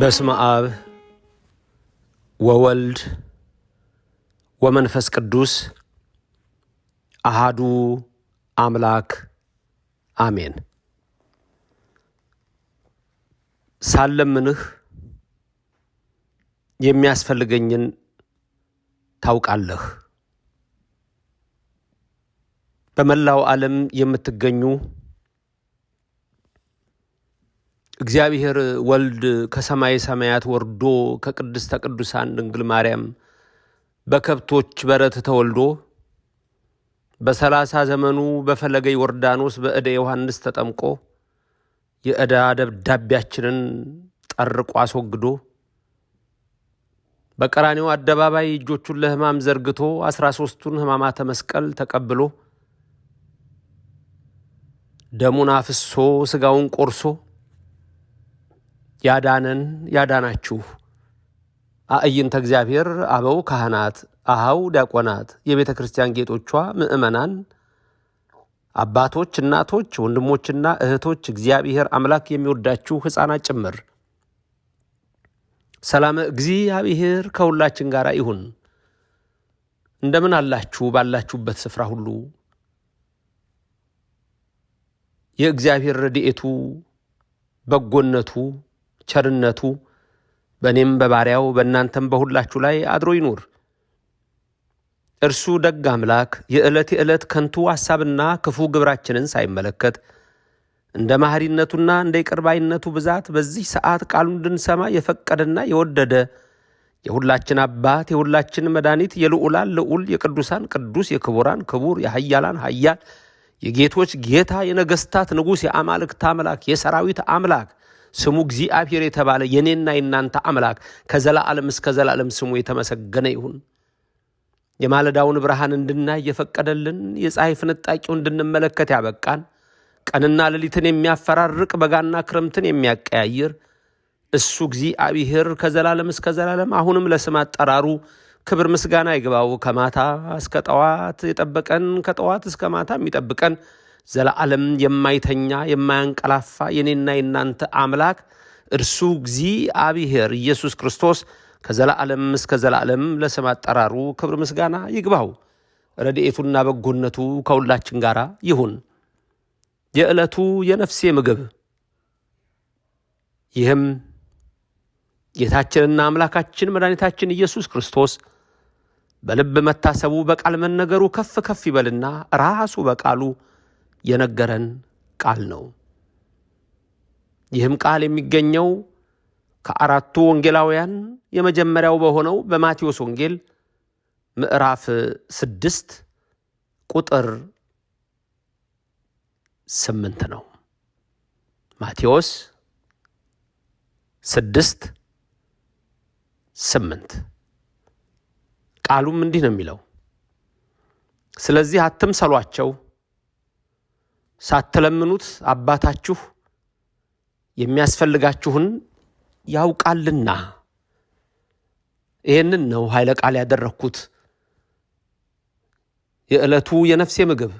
በስመ አብ ወወልድ ወመንፈስ ቅዱስ አሃዱ አምላክ አሜን። ሳለምንህ የሚያስፈልገኝን ታውቃለህ። በመላው ዓለም የምትገኙ እግዚአብሔር ወልድ ከሰማይ ሰማያት ወርዶ ከቅድስተ ቅዱሳን ድንግል ማርያም በከብቶች በረት ተወልዶ በሰላሳ ዘመኑ በፈለገ ዮርዳኖስ በእደ ዮሐንስ ተጠምቆ የዕዳ ደብዳቤያችንን ጠርቆ አስወግዶ በቀራኔው አደባባይ እጆቹን ለሕማም ዘርግቶ አስራ ሦስቱን ሕማማተ መስቀል ተቀብሎ ደሙን አፍሶ ሥጋውን ቆርሶ ያዳነን ያዳናችሁ አእይንተ እግዚአብሔር አበው ካህናት፣ አሃው ዲያቆናት፣ የቤተ ክርስቲያን ጌጦቿ ምእመናን፣ አባቶች፣ እናቶች፣ ወንድሞችና እህቶች እግዚአብሔር አምላክ የሚወዳችሁ ሕፃናት ጭምር ሰላም እግዚአብሔር ከሁላችን ጋር ይሁን። እንደምን አላችሁ? ባላችሁበት ስፍራ ሁሉ የእግዚአብሔር ረድኤቱ በጎነቱ ቸርነቱ በእኔም በባሪያው በእናንተም በሁላችሁ ላይ አድሮ ይኑር። እርሱ ደግ አምላክ የዕለት የዕለት ከንቱ ሐሳብና ክፉ ግብራችንን ሳይመለከት እንደ ማኅሪነቱና እንደ ይቅርባይነቱ ብዛት በዚህ ሰዓት ቃሉን እንድንሰማ የፈቀደና የወደደ የሁላችን አባት የሁላችን መድኃኒት የልዑላን ልዑል የቅዱሳን ቅዱስ የክቡራን ክቡር የኃያላን ኃያል የጌቶች ጌታ የነገሥታት ንጉሥ የአማልክት አምላክ የሰራዊት አምላክ ስሙ እግዚአብሔር የተባለ የኔና የናንተ አምላክ ከዘላለም እስከ ዘላለም ስሙ የተመሰገነ ይሁን። የማለዳውን ብርሃን እንድናይ የፈቀደልን፣ የፀሐይ ፍንጣቂው እንድንመለከት ያበቃን፣ ቀንና ሌሊትን የሚያፈራርቅ በጋና ክረምትን የሚያቀያይር እሱ እግዚአብሔር ከዘላለም እስከ ዘላለም አሁንም ለስም አጠራሩ ክብር ምስጋና ይግባው። ከማታ እስከ ጠዋት የጠበቀን ከጠዋት እስከ ማታ የሚጠብቀን ዘለዓለም የማይተኛ የማያንቀላፋ የኔና የናንተ አምላክ እርሱ እግዚአብሔር ኢየሱስ ክርስቶስ ከዘላዓለም እስከ ዘላዓለም ለስም አጠራሩ ክብር ምስጋና ይግባው። ረድኤቱና በጎነቱ ከሁላችን ጋር ይሁን። የዕለቱ የነፍሴ ምግብ ይህም ጌታችንና አምላካችን መድኃኒታችን ኢየሱስ ክርስቶስ በልብ መታሰቡ በቃል መነገሩ ከፍ ከፍ ይበልና ራሱ በቃሉ የነገረን ቃል ነው። ይህም ቃል የሚገኘው ከአራቱ ወንጌላውያን የመጀመሪያው በሆነው በማቴዎስ ወንጌል ምዕራፍ ስድስት ቁጥር ስምንት ነው። ማቴዎስ ስድስት ስምንት ቃሉም እንዲህ ነው የሚለው፣ ስለዚህ አትምሰሏቸው ሳትለምኑት አባታችሁ የሚያስፈልጋችሁን ያውቃልና። ይህንን ነው ኃይለ ቃል ያደረግኩት። የዕለቱ የነፍሴ ምግብ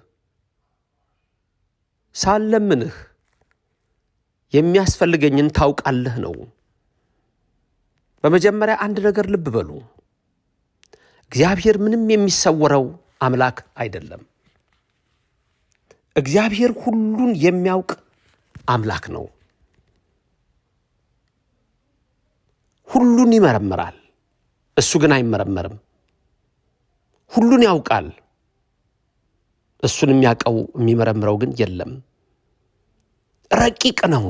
ሳለምንህ የሚያስፈልገኝን ታውቃለህ ነው። በመጀመሪያ አንድ ነገር ልብ በሉ። እግዚአብሔር ምንም የሚሰወረው አምላክ አይደለም። እግዚአብሔር ሁሉን የሚያውቅ አምላክ ነው። ሁሉን ይመረምራል። እሱ ግን አይመረመርም። ሁሉን ያውቃል። እሱን የሚያውቀው የሚመረምረው ግን የለም። ረቂቅ ነው፣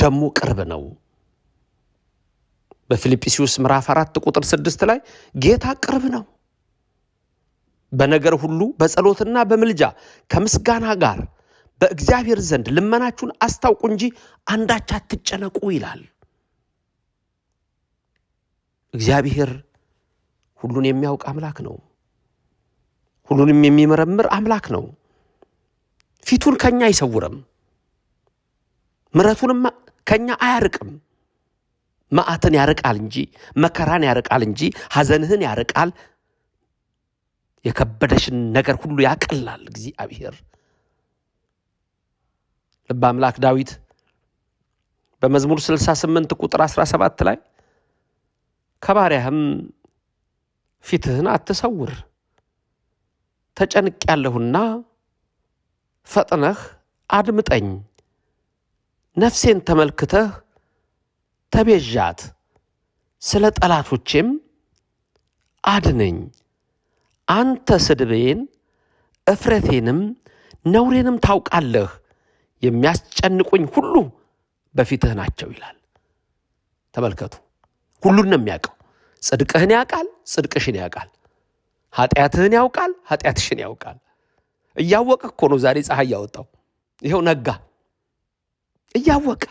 ደሞ ቅርብ ነው። በፊልጵስዩስ ምዕራፍ አራት ቁጥር ስድስት ላይ ጌታ ቅርብ ነው። በነገር ሁሉ በጸሎትና በምልጃ ከምስጋና ጋር በእግዚአብሔር ዘንድ ልመናችሁን አስታውቁ እንጂ አንዳች አትጨነቁ ይላል። እግዚአብሔር ሁሉን የሚያውቅ አምላክ ነው። ሁሉንም የሚመረምር አምላክ ነው። ፊቱን ከኛ አይሰውርም፣ ምረቱንም ከኛ አያርቅም። መዓትን ያርቃል እንጂ መከራን ያርቃል እንጂ ሐዘንህን ያርቃል የከበደሽን ነገር ሁሉ ያቀላል እግዚአብሔር። ልበ አምላክ ዳዊት በመዝሙር 68 ቁጥር 17 ላይ ከባሪያህም ፊትህን አትሰውር ተጨንቅ ያለሁና ፈጥነህ አድምጠኝ፣ ነፍሴን ተመልክተህ ተቤዣት፣ ስለ ጠላቶቼም አድነኝ። አንተ ስድቤን እፍረቴንም ነውሬንም ታውቃለህ፣ የሚያስጨንቁኝ ሁሉ በፊትህ ናቸው ይላል። ተመልከቱ፣ ሁሉን ነው የሚያውቀው። ጽድቅህን ያውቃል፣ ጽድቅሽን ያውቃል። ኃጢአትህን ያውቃል፣ ኃጢአትሽን ያውቃል። እያወቀ እኮ ነው ዛሬ ፀሐይ ያወጣው። ይኸው ነጋ። እያወቀ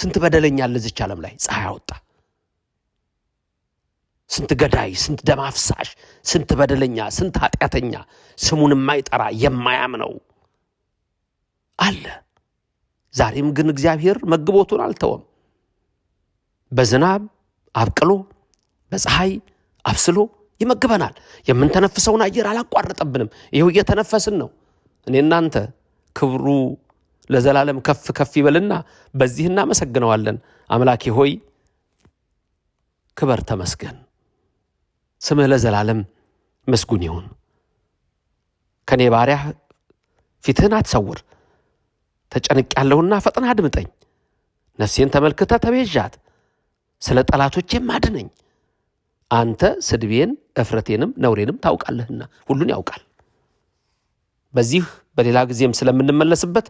ስንት በደለኛ ለዚች ዓለም ላይ ፀሐይ አወጣ። ስንት ገዳይ፣ ስንት ደም አፍሳሽ፣ ስንት በደለኛ፣ ስንት ኃጢአተኛ ስሙን የማይጠራ የማያምነው አለ። ዛሬም ግን እግዚአብሔር መግቦቱን አልተወም። በዝናብ አብቅሎ በፀሐይ አብስሎ ይመግበናል። የምንተነፍሰውን አየር አላቋረጠብንም። ይኸው እየተነፈስን ነው። እኔ እናንተ ክብሩ ለዘላለም ከፍ ከፍ ይበልና በዚህ እናመሰግነዋለን። አምላኬ ሆይ ክበር፣ ተመስገን። ስምህ ለዘላለም መስጉን ይሁን። ከእኔ ባሪያህ ፊትህን አትሰውር። ተጨንቅ ያለውና ፈጥና አድምጠኝ። ነፍሴን ተመልክተ ተቤዣት፣ ስለ ጠላቶቼም አድነኝ። አንተ ስድቤን እፍረቴንም ነውሬንም ታውቃለህና ሁሉን ያውቃል። በዚህ በሌላ ጊዜም ስለምንመለስበት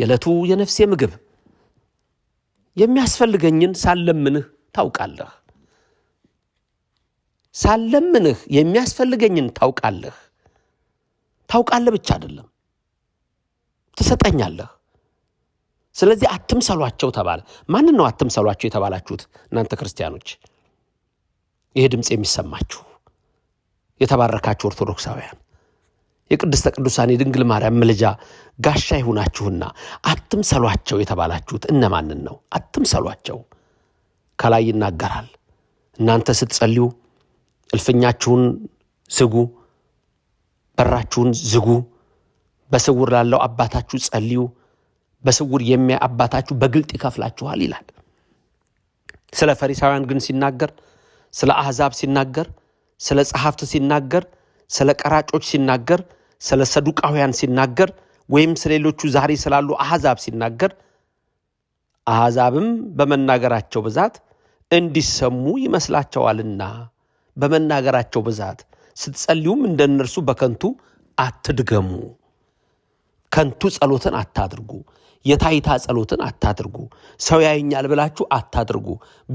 የዕለቱ የነፍሴ ምግብ የሚያስፈልገኝን ሳለምንህ ታውቃለህ። ሳለምንህ የሚያስፈልገኝን ታውቃለህ። ታውቃለህ ብቻ አይደለም ትሰጠኛለህ። ስለዚህ አትምሰሏቸው ተባለ። ማንን ነው አትምሰሏቸው የተባላችሁት? እናንተ ክርስቲያኖች፣ ይሄ ድምፅ የሚሰማችሁ የተባረካችሁ ኦርቶዶክሳውያን የቅድስተ ቅዱሳን የድንግል ማርያም ምልጃ ጋሻ ይሁናችሁና አትምሰሏቸው የተባላችሁት እነማንን ነው? አትምሰሏቸው ከላይ ይናገራል። እናንተ ስትጸልዩ እልፍኛችሁን ዝጉ፣ በራችሁን ዝጉ፣ በስውር ላለው አባታችሁ ጸልዩ፣ በስውር የሚያይ አባታችሁ በግልጥ ይከፍላችኋል ይላል። ስለ ፈሪሳውያን ግን ሲናገር፣ ስለ አሕዛብ ሲናገር፣ ስለ ጸሐፍት ሲናገር፣ ስለ ቀራጮች ሲናገር፣ ስለ ሰዱቃውያን ሲናገር ወይም ስለሌሎቹ ዛሬ ስላሉ አሕዛብ ሲናገር አሕዛብም በመናገራቸው ብዛት እንዲሰሙ ይመስላቸዋልና በመናገራቸው ብዛት ስትጸልዩም እንደ እነርሱ በከንቱ አትድገሙ። ከንቱ ጸሎትን አታድርጉ። የታይታ ጸሎትን አታድርጉ። ሰው ያየኛል ብላችሁ አታድርጉ።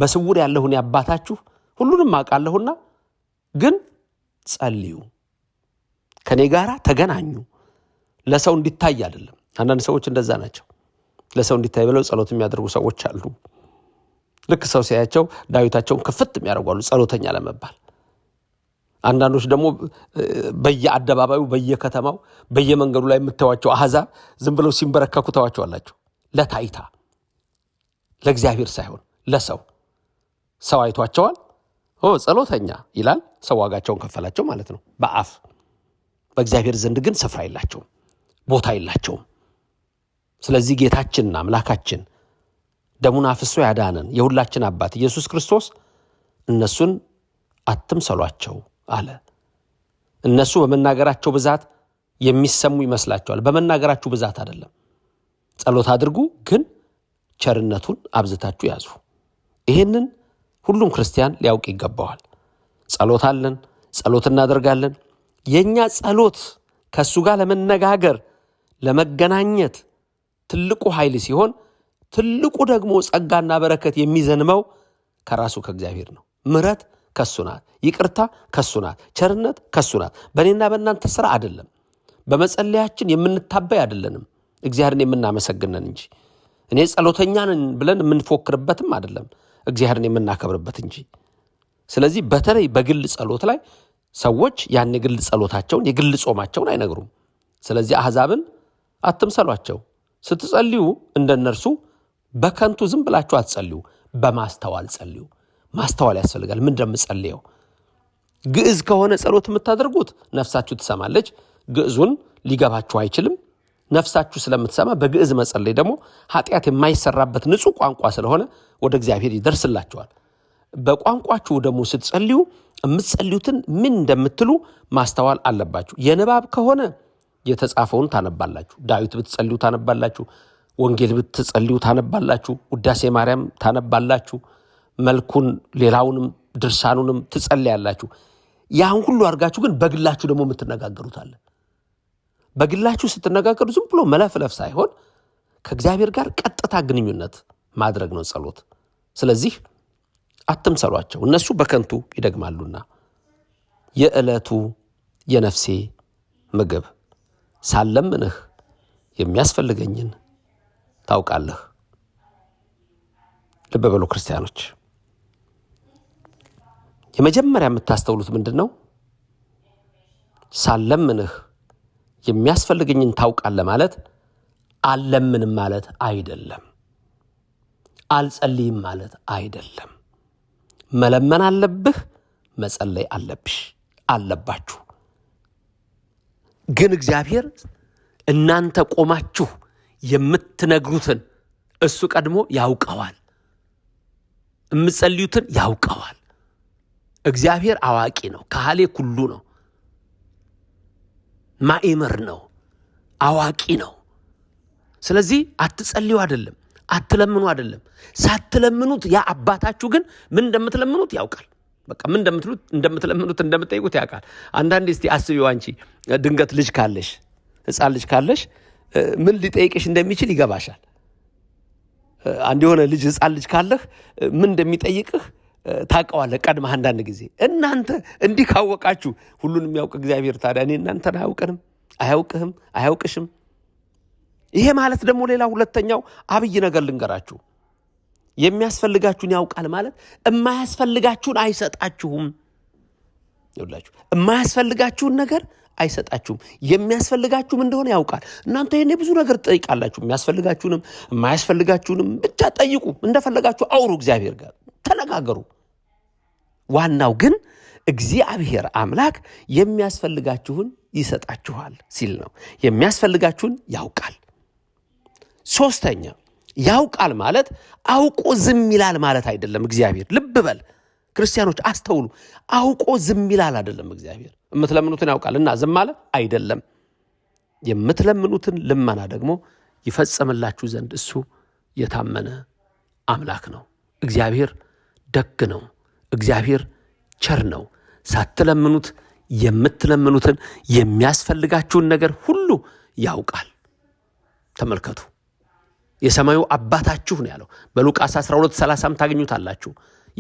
በስውር ያለሁን ያባታችሁ ሁሉንም አውቃለሁና ግን ጸልዩ፣ ከእኔ ጋር ተገናኙ። ለሰው እንዲታይ አይደለም። አንዳንድ ሰዎች እንደዛ ናቸው። ለሰው እንዲታይ ብለው ጸሎት የሚያደርጉ ሰዎች አሉ። ልክ ሰው ሲያያቸው ዳዊታቸውን ክፍት የሚያደርጓሉ ጸሎተኛ ለመባል አንዳንዶች ደግሞ በየአደባባዩ በየከተማው በየመንገዱ ላይ የምታዩዋቸው አሕዛብ ዝም ብለው ሲንበረከኩ ተዋቸዋላቸው። ለታይታ ለእግዚአብሔር ሳይሆን ለሰው ሰው አይቷቸዋል። ጸሎተኛ ይላል ሰው ዋጋቸውን ከፈላቸው ማለት ነው በአፍ በእግዚአብሔር ዘንድ ግን ስፍራ የላቸውም፣ ቦታ የላቸውም። ስለዚህ ጌታችንና አምላካችን ደሙን አፍሶ ያዳነን የሁላችን አባት ኢየሱስ ክርስቶስ እነሱን አትምሰሏቸው አለ። እነሱ በመናገራቸው ብዛት የሚሰሙ ይመስላቸዋል። በመናገራችሁ ብዛት አይደለም። ጸሎት አድርጉ፣ ግን ቸርነቱን አብዝታችሁ ያዙ። ይህንን ሁሉም ክርስቲያን ሊያውቅ ይገባዋል። ጸሎት አለን፣ ጸሎት እናደርጋለን። የእኛ ጸሎት ከእሱ ጋር ለመነጋገር ለመገናኘት ትልቁ ኃይል ሲሆን ትልቁ ደግሞ ጸጋና በረከት የሚዘንመው ከራሱ ከእግዚአብሔር ነው ምረት ከሱ ናት። ይቅርታ ከሱ ናት። ቸርነት ከሱ ናት። በእኔና በእናንተ ስራ አይደለም። በመጸለያችን የምንታበይ አይደለንም፣ እግዚአብሔርን የምናመሰግነን እንጂ እኔ ጸሎተኛንን ብለን የምንፎክርበትም አይደለም፣ እግዚአብሔርን የምናከብርበት እንጂ። ስለዚህ በተለይ በግል ጸሎት ላይ ሰዎች ያን የግል ጸሎታቸውን የግል ጾማቸውን አይነግሩም። ስለዚህ አሕዛብን አትምሰሏቸው። ስትጸልዩ እንደነርሱ በከንቱ ዝም ብላችሁ አትጸልዩ፣ በማስተዋል ጸልዩ። ማስተዋል ያስፈልጋል። ምን እንደምጸልየው ግዕዝ ከሆነ ጸሎት የምታደርጉት ነፍሳችሁ ትሰማለች። ግዕዙን ሊገባችሁ አይችልም። ነፍሳችሁ ስለምትሰማ በግዕዝ መጸለይ ደግሞ ኃጢአት የማይሰራበት ንጹሕ ቋንቋ ስለሆነ ወደ እግዚአብሔር ይደርስላችኋል። በቋንቋችሁ ደግሞ ስትጸልዩ የምትጸልዩትን ምን እንደምትሉ ማስተዋል አለባችሁ። የንባብ ከሆነ የተጻፈውን ታነባላችሁ። ዳዊት ብትጸልዩ ታነባላችሁ። ወንጌል ብትጸልዩ ታነባላችሁ። ውዳሴ ማርያም ታነባላችሁ። መልኩን ሌላውንም ድርሳኑንም ትጸልያላችሁ። ያን ሁሉ አድርጋችሁ ግን በግላችሁ ደግሞ የምትነጋገሩታለን። በግላችሁ ስትነጋገሩ ዝም ብሎ መለፍለፍ ሳይሆን ከእግዚአብሔር ጋር ቀጥታ ግንኙነት ማድረግ ነው ጸሎት። ስለዚህ አትምሰሏቸው፣ እነሱ በከንቱ ይደግማሉና። የዕለቱ የነፍሴ ምግብ ሳለምንህ የሚያስፈልገኝን ታውቃለህ። ልብ በሉ ክርስቲያኖች። የመጀመሪያ የምታስተውሉት ምንድን ነው? ሳለምንህ የሚያስፈልገኝን ታውቃለህ ማለት አልለምንም ማለት አይደለም። አልጸልይም ማለት አይደለም። መለመን አለብህ፣ መጸለይ አለብሽ አለባችሁ። ግን እግዚአብሔር እናንተ ቆማችሁ የምትነግሩትን እሱ ቀድሞ ያውቀዋል። የምትጸልዩትን ያውቀዋል። እግዚአብሔር አዋቂ ነው። ካህሌ ኩሉ ነው። ማእምር ነው። አዋቂ ነው። ስለዚህ አትጸልዩ አይደለም፣ አትለምኑ አይደለም። ሳትለምኑት ያ አባታችሁ ግን ምን እንደምትለምኑት ያውቃል። በቃ ምን እንደምትለምኑት እንደምትጠይቁት ያውቃል። አንዳንዴ እስቲ አስቢው አንቺ ድንገት ልጅ ካለሽ ህፃን ልጅ ካለሽ ምን ሊጠይቅሽ እንደሚችል ይገባሻል። አንድ የሆነ ልጅ ህፃን ልጅ ካለህ ምን እንደሚጠይቅህ ታውቀዋለህ ቀድመህ አንዳንድ ጊዜ እናንተ እንዲህ ካወቃችሁ ሁሉን የሚያውቅ እግዚአብሔር ታዲያ እኔ እናንተን አያውቅንም አያውቅህም አያውቅሽም ይሄ ማለት ደግሞ ሌላ ሁለተኛው አብይ ነገር ልንገራችሁ የሚያስፈልጋችሁን ያውቃል ማለት የማያስፈልጋችሁን አይሰጣችሁም ይላችሁ የማያስፈልጋችሁን ነገር አይሰጣችሁም የሚያስፈልጋችሁም እንደሆነ ያውቃል እናንተ ይህኔ ብዙ ነገር ትጠይቃላችሁ የሚያስፈልጋችሁንም የማያስፈልጋችሁንም ብቻ ጠይቁ እንደፈለጋችሁ አውሩ እግዚአብሔር ጋር ተነጋገሩ። ዋናው ግን እግዚአብሔር አምላክ የሚያስፈልጋችሁን ይሰጣችኋል ሲል ነው። የሚያስፈልጋችሁን ያውቃል። ሶስተኛ ያውቃል ማለት አውቆ ዝም ይላል ማለት አይደለም። እግዚአብሔር ልብ በል ክርስቲያኖች አስተውሉ። አውቆ ዝም ይላል አይደለም። እግዚአብሔር የምትለምኑትን ያውቃል እና ዝም አለ አይደለም። የምትለምኑትን ልመና ደግሞ ይፈጸምላችሁ ዘንድ እሱ የታመነ አምላክ ነው እግዚአብሔር ደግ ነው። እግዚአብሔር ቸር ነው። ሳትለምኑት የምትለምኑትን የሚያስፈልጋችሁን ነገር ሁሉ ያውቃል። ተመልከቱ፣ የሰማዩ አባታችሁ ነው ያለው። በሉቃስ 12 12፥30 ታገኙታላችሁ።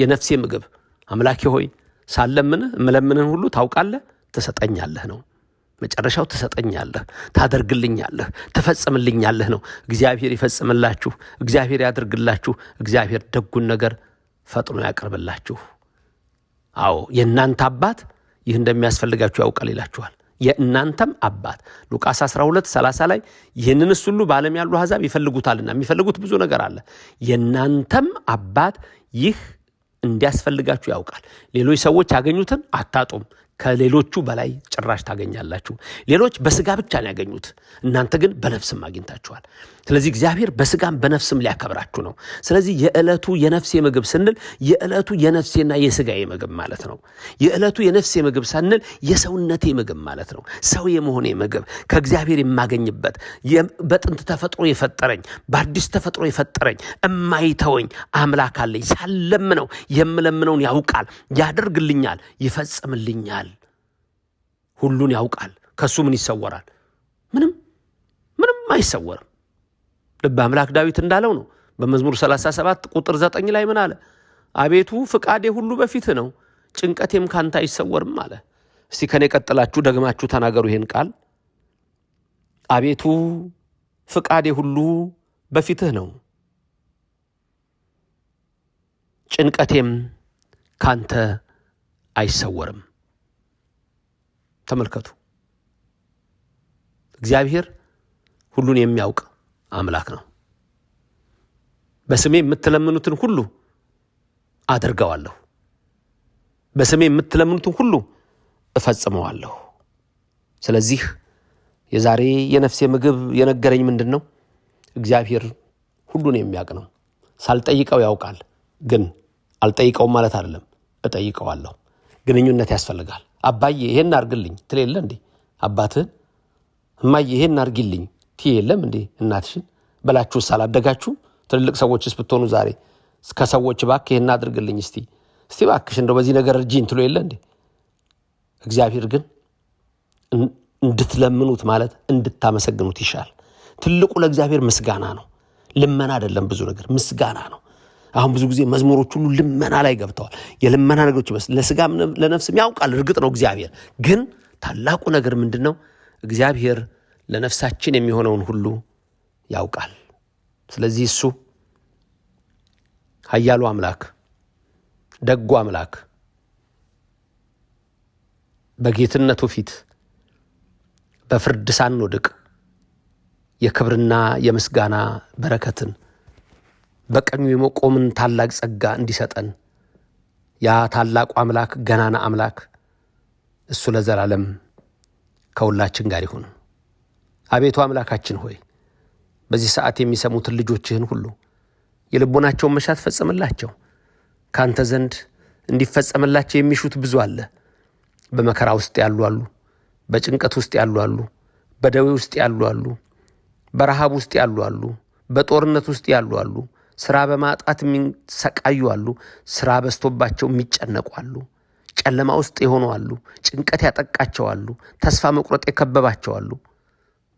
የነፍሴ ምግብ አምላኬ ሆይ ሳለምንህ እምለምንህን ሁሉ ታውቃለህ፣ ትሰጠኛለህ ነው መጨረሻው። ትሰጠኛለህ፣ ታደርግልኛለህ፣ ትፈጽምልኛለህ ነው። እግዚአብሔር ይፈጽምላችሁ፣ እግዚአብሔር ያደርግላችሁ፣ እግዚአብሔር ደጉን ነገር ፈጥኖ ያቀርብላችሁ። አዎ የእናንተ አባት ይህ እንደሚያስፈልጋችሁ ያውቃል ይላችኋል። የእናንተም አባት ሉቃስ 12 30 ላይ ይህንንስ ሁሉ በዓለም ያሉ አሕዛብ ይፈልጉታልና፣ የሚፈልጉት ብዙ ነገር አለ። የእናንተም አባት ይህ እንዲያስፈልጋችሁ ያውቃል። ሌሎች ሰዎች ያገኙትን አታጡም፣ ከሌሎቹ በላይ ጭራሽ ታገኛላችሁ። ሌሎች በስጋ ብቻ ነው ያገኙት፣ እናንተ ግን በነፍስም አግኝታችኋል። ስለዚህ እግዚአብሔር በስጋም በነፍስም ሊያከብራችሁ ነው። ስለዚህ የዕለቱ የነፍሴ ምግብ ስንል የዕለቱ የነፍሴና የስጋዬ ምግብ ማለት ነው። የዕለቱ የነፍሴ ምግብ ስንል የሰውነቴ ምግብ ማለት ነው። ሰው የመሆኔ ምግብ ከእግዚአብሔር የማገኝበት በጥንት ተፈጥሮ የፈጠረኝ በአዲስ ተፈጥሮ የፈጠረኝ እማይተወኝ አምላክ አለኝ። ሳለምነው የምለምነውን ያውቃል፣ ያደርግልኛል፣ ይፈጽምልኛል። ሁሉን ያውቃል። ከእሱ ምን ይሰወራል? ምንም ምንም አይሰወርም። ልበ አምላክ ዳዊት እንዳለው ነው። በመዝሙር 37 ቁጥር 9 ላይ ምን አለ? አቤቱ ፍቃዴ ሁሉ በፊትህ ነው፣ ጭንቀቴም ካንተ አይሰወርም አለ። እስቲ ከኔ ቀጥላችሁ ደግማችሁ ተናገሩ ይሄን ቃል። አቤቱ ፍቃዴ ሁሉ በፊትህ ነው፣ ጭንቀቴም ካንተ አይሰወርም። ተመልከቱ፣ እግዚአብሔር ሁሉን የሚያውቅ አምላክ ነው። በስሜ የምትለምኑትን ሁሉ አደርገዋለሁ፣ በስሜ የምትለምኑትን ሁሉ እፈጽመዋለሁ። ስለዚህ የዛሬ የነፍሴ ምግብ የነገረኝ ምንድን ነው? እግዚአብሔር ሁሉን የሚያውቅ ነው። ሳልጠይቀው ያውቃል። ግን አልጠይቀውም ማለት አይደለም፣ እጠይቀዋለሁ። ግንኙነት ያስፈልጋል። አባዬ ይሄን አርግልኝ ትሌለ እንዴ? አባትህን እማዬ ይሄን አርግልኝ ቲ የለም እንዴ እናትሽን በላችሁስ አላደጋችሁም? ትልልቅ ሰዎችስ ብትሆኑ ዛሬ ከሰዎች ባክ ይህን አድርግልኝ እስቲ እስቲ ባክሽ እንደው በዚህ ነገር እርጂኝ ትሎ የለ እንዴ? እግዚአብሔር ግን እንድትለምኑት ማለት እንድታመሰግኑት ይሻል። ትልቁ ለእግዚአብሔር ምስጋና ነው። ልመና አይደለም። ብዙ ነገር ምስጋና ነው። አሁን ብዙ ጊዜ መዝሙሮች ሁሉ ልመና ላይ ገብተዋል። የልመና ነገሮች ይመስል ለስጋም ለነፍስም ያውቃል። እርግጥ ነው እግዚአብሔር ግን ታላቁ ነገር ምንድን ነው? እግዚአብሔር ለነፍሳችን የሚሆነውን ሁሉ ያውቃል። ስለዚህ እሱ ኃያሉ አምላክ፣ ደጉ አምላክ በጌትነቱ ፊት በፍርድ ሳንወድቅ የክብርና የምስጋና በረከትን በቀኙ የመቆምን ታላቅ ጸጋ እንዲሰጠን ያ ታላቁ አምላክ ገናና አምላክ እሱ ለዘላለም ከሁላችን ጋር ይሁን። አቤቱ አምላካችን ሆይ በዚህ ሰዓት የሚሰሙትን ልጆችህን ሁሉ የልቦናቸውን መሻት ፈጸምላቸው። ካንተ ዘንድ እንዲፈጸምላቸው የሚሹት ብዙ አለ። በመከራ ውስጥ ያሉ አሉ፣ በጭንቀት ውስጥ ያሉ አሉ፣ በደዌ ውስጥ ያሉ አሉ፣ በረሃብ ውስጥ ያሉ አሉ፣ በጦርነት ውስጥ ያሉ አሉ፣ ስራ በማጣት የሚሰቃዩ አሉ፣ ስራ በዝቶባቸው የሚጨነቁ አሉ፣ ጨለማ ውስጥ የሆኑ አሉ፣ ጭንቀት ያጠቃቸው አሉ፣ ተስፋ መቁረጥ የከበባቸው አሉ።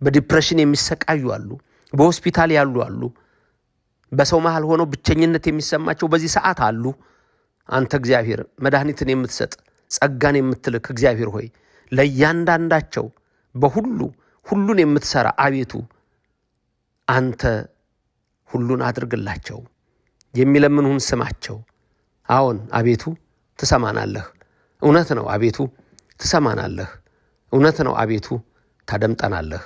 በዲፕሬሽን የሚሰቃዩ አሉ፣ በሆስፒታል ያሉ አሉ፣ በሰው መሃል ሆነው ብቸኝነት የሚሰማቸው በዚህ ሰዓት አሉ። አንተ እግዚአብሔር መድኃኒትን የምትሰጥ ጸጋን የምትልክ እግዚአብሔር ሆይ ለእያንዳንዳቸው በሁሉ ሁሉን የምትሰራ አቤቱ አንተ ሁሉን አድርግላቸው። የሚለምንሁን ስማቸው። አዎን አቤቱ ትሰማናለህ። እውነት ነው አቤቱ ትሰማናለህ። እውነት ነው አቤቱ ታደምጠናለህ።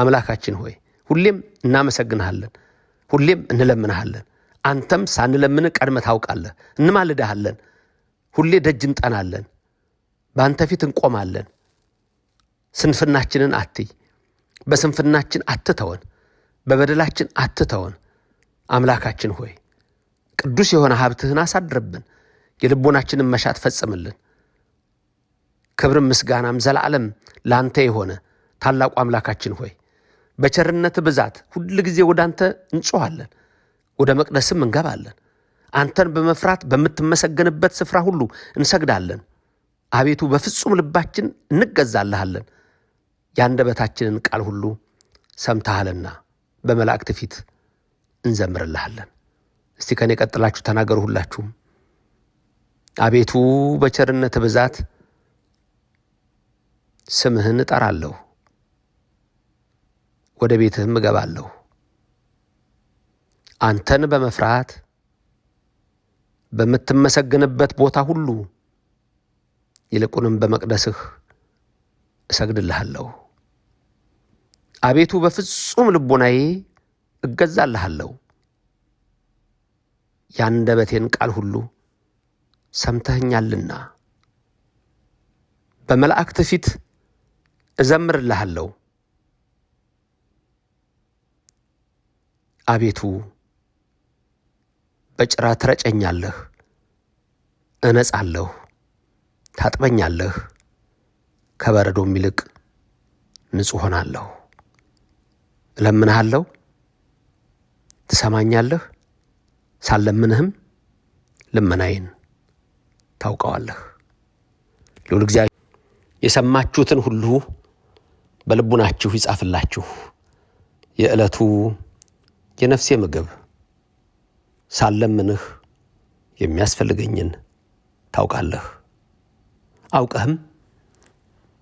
አምላካችን ሆይ ሁሌም እናመሰግንሃለን፣ ሁሌም እንለምንሃለን። አንተም ሳንለምን ቀድመ ታውቃለህ። እንማልድሃለን፣ ሁሌ ደጅ እንጠናለን፣ በአንተ ፊት እንቆማለን። ስንፍናችንን አትይ፣ በስንፍናችን አትተወን፣ በበደላችን አትተወን። አምላካችን ሆይ ቅዱስ የሆነ ሀብትህን አሳድርብን፣ የልቦናችንን መሻት ፈጽምልን። ክብርም ምስጋናም ዘላለም ለአንተ የሆነ ታላቁ አምላካችን ሆይ በቸርነት ብዛት ሁል ጊዜ ወደ አንተ እንጮኋለን፣ ወደ መቅደስም እንገባለን። አንተን በመፍራት በምትመሰገንበት ስፍራ ሁሉ እንሰግዳለን። አቤቱ በፍጹም ልባችን እንገዛልሃለን፣ የአንደበታችንን ቃል ሁሉ ሰምተሃልና በመላእክት ፊት እንዘምርልሃለን። እስቲ ከኔ ቀጥላችሁ ተናገሩ ሁላችሁም። አቤቱ በቸርነት ብዛት ስምህን እጠራለሁ። ወደ ቤትህም እገባለሁ። አንተን በመፍራት በምትመሰግንበት ቦታ ሁሉ ይልቁንም በመቅደስህ እሰግድልሃለሁ። አቤቱ በፍጹም ልቦናዬ እገዛልሃለሁ። ያንደበቴን ቃል ሁሉ ሰምተኸኛልና በመላእክት ፊት እዘምርልሃለሁ። አቤቱ በጭራ ትረጨኛለህ፣ እነጻለሁ፣ ታጥበኛለህ፣ ከበረዶም ይልቅ ንጹሕ ሆናለሁ። እለምንሃለሁ፣ ትሰማኛለህ፣ ሳለምንህም ልመናዬን ታውቀዋለህ። ልዑል እግዚአብሔር የሰማችሁትን ሁሉ በልቡናችሁ ይጻፍላችሁ። የዕለቱ የነፍሴ ምግብ ሳለምንህ የሚያስፈልገኝን ታውቃለህ፣ አውቀህም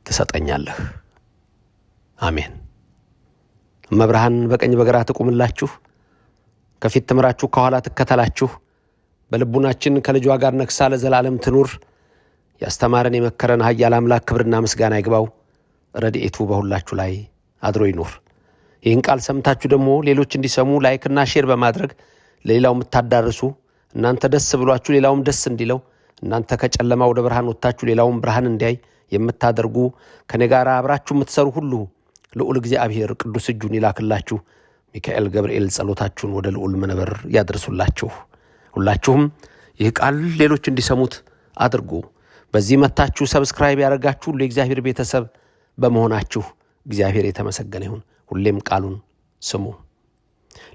ትሰጠኛለህ። አሜን። እመብርሃን በቀኝ በግራ ትቁምላችሁ፣ ከፊት ትምራችሁ፣ ከኋላ ትከተላችሁ። በልቡናችን ከልጇ ጋር ነግሳ ለዘላለም ትኑር። ያስተማረን የመከረን ኃያል አምላክ ክብርና ምስጋና ይግባው። ረድኤቱ በሁላችሁ ላይ አድሮ ይኑር። ይህን ቃል ሰምታችሁ ደግሞ ሌሎች እንዲሰሙ ላይክና ሼር በማድረግ ለሌላው የምታዳርሱ እናንተ ደስ ብሏችሁ ሌላውም ደስ እንዲለው እናንተ ከጨለማ ወደ ብርሃን ወጥታችሁ ሌላውም ብርሃን እንዲያይ የምታደርጉ ከኔ ጋር አብራችሁ የምትሰሩ ሁሉ ልዑል እግዚአብሔር ቅዱስ እጁን ይላክላችሁ። ሚካኤል ገብርኤል ጸሎታችሁን ወደ ልዑል መንበር ያደርሱላችሁ። ሁላችሁም ይህ ቃል ሌሎች እንዲሰሙት አድርጉ። በዚህ መታችሁ ሰብስክራይብ ያደረጋችሁ ሁሉ የእግዚአብሔር ቤተሰብ በመሆናችሁ እግዚአብሔር የተመሰገነ ይሁን። ሁሌም ቃሉን ስሙ።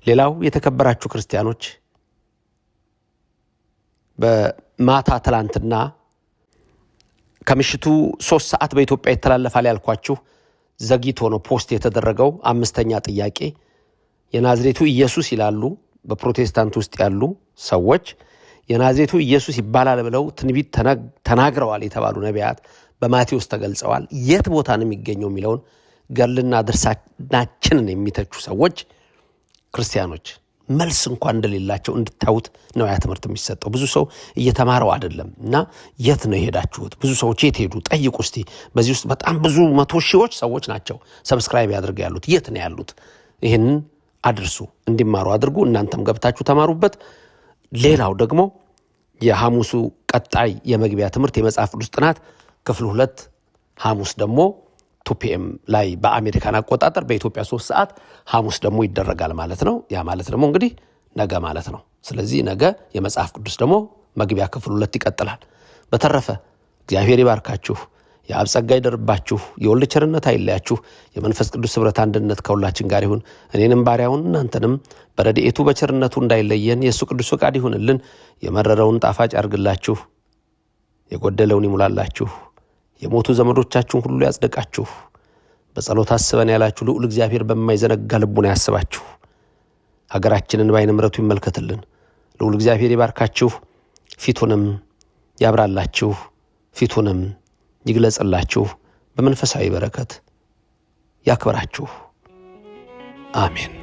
ሌላው የተከበራችሁ ክርስቲያኖች በማታ ትላንትና ከምሽቱ ሶስት ሰዓት በኢትዮጵያ ይተላለፋል ያልኳችሁ ዘግይቶ ነው ፖስት የተደረገው። አምስተኛ ጥያቄ የናዝሬቱ ኢየሱስ ይላሉ በፕሮቴስታንት ውስጥ ያሉ ሰዎች የናዝሬቱ ኢየሱስ ይባላል ብለው ትንቢት ተናግረዋል የተባሉ ነቢያት በማቴዎስ ተገልጸዋል። የት ቦታ ነው የሚገኘው የሚለውን ገልና ድርሳናችንን የሚተቹ ሰዎች ክርስቲያኖች መልስ እንኳን እንደሌላቸው እንድታዩት ነው ያ ትምህርት የሚሰጠው። ብዙ ሰው እየተማረው አይደለም። እና የት ነው የሄዳችሁት? ብዙ ሰዎች የት ሄዱ? ጠይቁ እስቲ። በዚህ ውስጥ በጣም ብዙ መቶ ሺዎች ሰዎች ናቸው ሰብስክራይብ ያድርገ ያሉት። የት ነው ያሉት? ይህንን አድርሱ፣ እንዲማሩ አድርጉ። እናንተም ገብታችሁ ተማሩበት። ሌላው ደግሞ የሐሙሱ ቀጣይ የመግቢያ ትምህርት የመጽሐፍ ቅዱስ ጥናት ክፍል ሁለት ሐሙስ ደግሞ ቱፒኤም ላይ በአሜሪካን አቆጣጠር በኢትዮጵያ ሶስት ሰዓት ሐሙስ ደግሞ ይደረጋል ማለት ነው። ያ ማለት ደግሞ እንግዲህ ነገ ማለት ነው። ስለዚህ ነገ የመጽሐፍ ቅዱስ ደግሞ መግቢያ ክፍል ሁለት ይቀጥላል። በተረፈ እግዚአብሔር ይባርካችሁ፣ የአብ ጸጋ ይደርባችሁ፣ የወልድ ቸርነት አይለያችሁ፣ የመንፈስ ቅዱስ ኅብረት አንድነት ከሁላችን ጋር ይሁን። እኔንም ባሪያውን እናንተንም በረድኤቱ በቸርነቱ እንዳይለየን የእሱ ቅዱስ ፈቃድ ይሁንልን። የመረረውን ጣፋጭ አርግላችሁ፣ የጎደለውን ይሙላላችሁ። የሞቱ ዘመዶቻችሁን ሁሉ ያጽደቃችሁ። በጸሎት አስበን ያላችሁ ልዑል እግዚአብሔር በማይዘነጋ ልቡን ያስባችሁ። ሀገራችንን በዓይነ ምሕረቱ ይመልከትልን። ልዑል እግዚአብሔር ይባርካችሁ፣ ፊቱንም ያብራላችሁ፣ ፊቱንም ይግለጽላችሁ፣ በመንፈሳዊ በረከት ያክብራችሁ። አሜን።